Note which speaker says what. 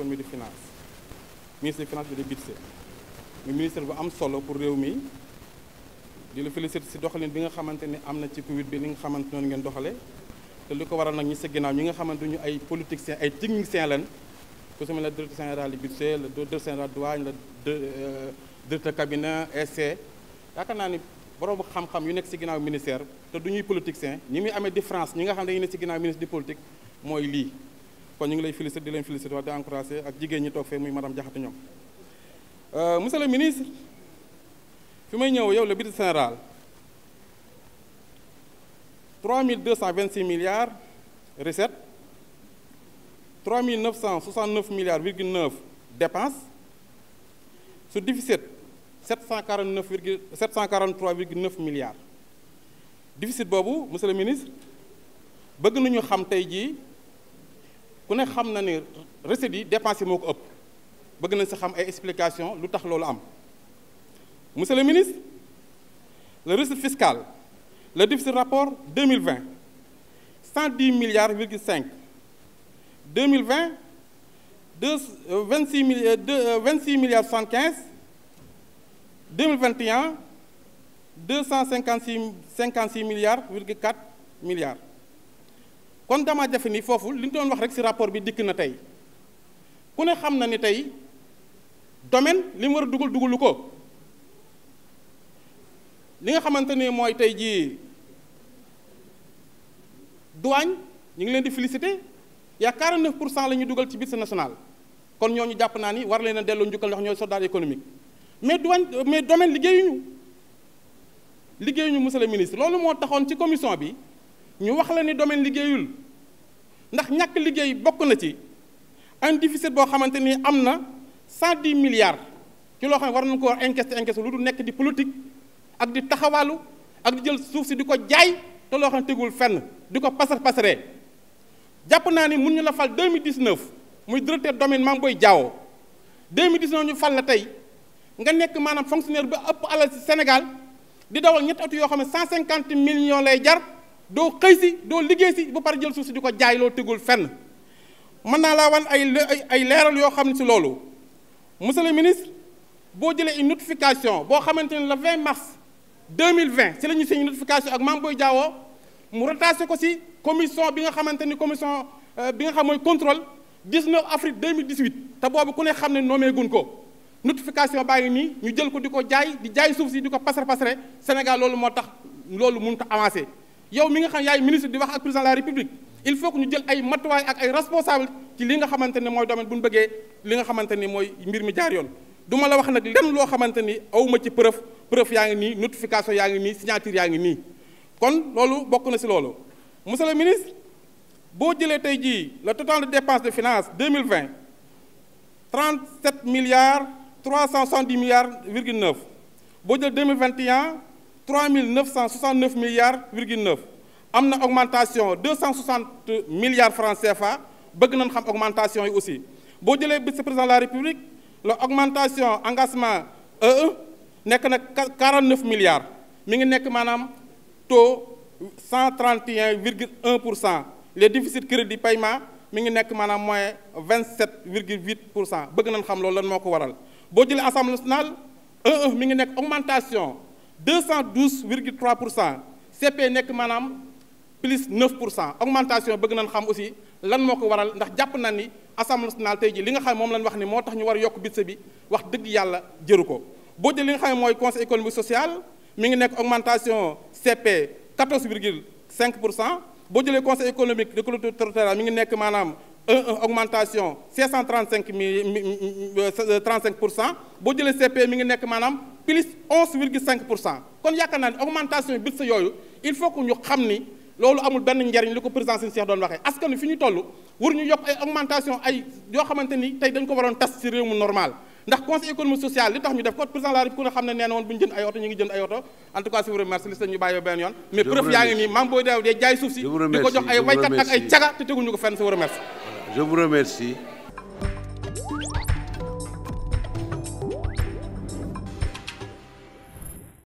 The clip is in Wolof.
Speaker 1: économie de finance ministre de finance bi di Bitse mu ministre bu am solo pour réew mi di la féliciter si doxalin bi nga xamante ni am na ci Covid bi ni nga xamante noonu ngeen doxale te li ko waral nag ñi sa ginnaaw ñi nga xamante ñu ay politiciens ay techniciens lan ku sama la directeur général du budget le directeur général douane la euh, directeur cabinet SC yaakaar naa ni borom xam-xam yu nekk si ginnaaw ministère te du ñuy politiciens ñi muy amee différence ñi nga xam ne dañu ne si ginnaaw ministre di politique mooy lii kon ñu ngi lay félicité di leen félicité wax di encouragé ak jigéen ñi toog fee muy madame Diakhaté ñoom euh, monsieur le ministre fi may ñëw yow le budget général 3226 milliards recettes 3969 milliards virgule 9 dépenses su déficit 749 virgule 743 virgule 9 milliards déficit boobu monsieur le ministre bëgg nañu xam tey jii ku ne xam na ne recettes yi dépenses yi moo ko ëpp bëgg nañ sa xam ay explication lu tax loolu am monsieur le ministre le recette fiscale le déficit rapport 2020 110 milliards virgule 5 2020 deux 26 euh, euh, euh, milliards 26 milliards 75 2021 256 56 milliards virgule 4 milliards kon dama jafe ni foofu li ñu doon wax rek ci rapport bi dikk na tey ku ne xam na ni tey domaine li war a dugal dugalu ko li nga xamante ni mooy tey jii douane ñu ngi leen di féliciter yaa 49 pour cent la ñu dugal ci budget national kon ñooñu jàpp naa ni war leen a delloo njukkal ndax ñooy soldat économique mais douane mais domaine liggéeyuñu liggéeyuñu monsieur le ministre loolu moo taxoon ci commission bi. ñu wax la ni domaine liggéeyul ndax ñàkk liggéey bokk na ci un déficit boo xamante ni am na cent dix milliards ci loo xam ne war nañu ko encaissé encaissé lu du nekk di politique ak di taxawaalu ak di jël suuf si di ko jaay te loo xam ne tegul fenn di ko pasar pasaree jàpp naa ni mun ñu la fal 2019 muy directeur domaine Mame Boye Diao 2019 ñu fal la tey nga nekk maanaam fonctionnaire ba ëpp alal ci Sénégal di dawal ñetti oto yoo xam ne cent cinquante millions lay jar. doo xëy si doo liggéey si bu pare jël suuf si di ko jaay loo tegul fenn mën naa laa wan ay ay leeral yoo xam ne si loolu monsieur le ministre boo jëlee une notification boo xamante ne le 20 mars 2020 si la ñu signé notification ak Mame Boye Diao mu rattaché ko si commission bi nga xamante ni commission euh, bi nga xam mooy contrôle 19 avril 2018 te boobu ku ne xam ne nommé ko notification baa nii ñu jël ko di ko jaay di jaay suuf si di ko pasar pasare Sénégal loolu moo tax loolu mun a avancé yow mi nga xam yaay ministre di wax ak président de la république il faut que ñu jël ay matuwaay ak ay responsable ci li nga xamante ne mooy domaine bu ñu bëggee li nga xamante ni mooy mbir mi jaar yoon du ma la wax nag lenn loo xamante ni awma ci preuve preuve yaa ngi nii notification yaa ngi nii signature yaa ngi nii kon loolu bokk na si loolu monsieur le ministre boo jëlee tey jii le total de dépenses de finance 2020 37 milliards 370 milliards virgule 9 boo jël 2021 3 969 milliards virgule 9 am na augmentation 260 milliards francs CFA bëgg nañ xam augmentation yi aussi boo jëlee vice président de la république la augmentation engagement EE e nekk na 49 milliards mi ngi nekk maanaam taux 131 virgule 1 pour cent les déficits crédit paiement mi ngi nekk maanaam moins 27 virgule 8 pour cent bëgg nañ xam loolu lan moo ko waral boo jëlee assemblée nationale EE e mi ngi nekk augmentation. deux cent douze virgule trois pour cent CP nekk maanaam plus neuf pour cent augmentation bëgg nañ xam aussi lan moo ko waral ndax jàpp na ni assemblée nationale tey ji li nga xam moom lañ wax ni moo tax ñu war a yokk budget bi wax dëgg yàlla jëru ko boo jël li mooy conseil social mi ngi nekk augmentation CP quatorze virgule cinq pour cent boo jëlee conseil économique de collectivité territoriale mi ngi nekk maanaam augmentation 635 mi 35 euh, pour cent boo jëlee CP mi ngi nekk maanaam plus 11,5 pour cent kon yaakaar naa ne augmentation bi sa yooyu il faut que ñu xam ni loolu amul benn njariñ li ko président Sine Cheikh doon waxee askan wi fi ñu toll war ñu yokk ay augmentation ay yoo xamante ni tey dañ ko waroon tas ci réew mu normal ndax conseil économique social li tax ñu def ko président la République ku ne xam ne nee woon bu ñu jënd ay oto ñu ngi jënd ay oto en tout cas si vous remercie li ñu bàyyoo benn yoon mais preuve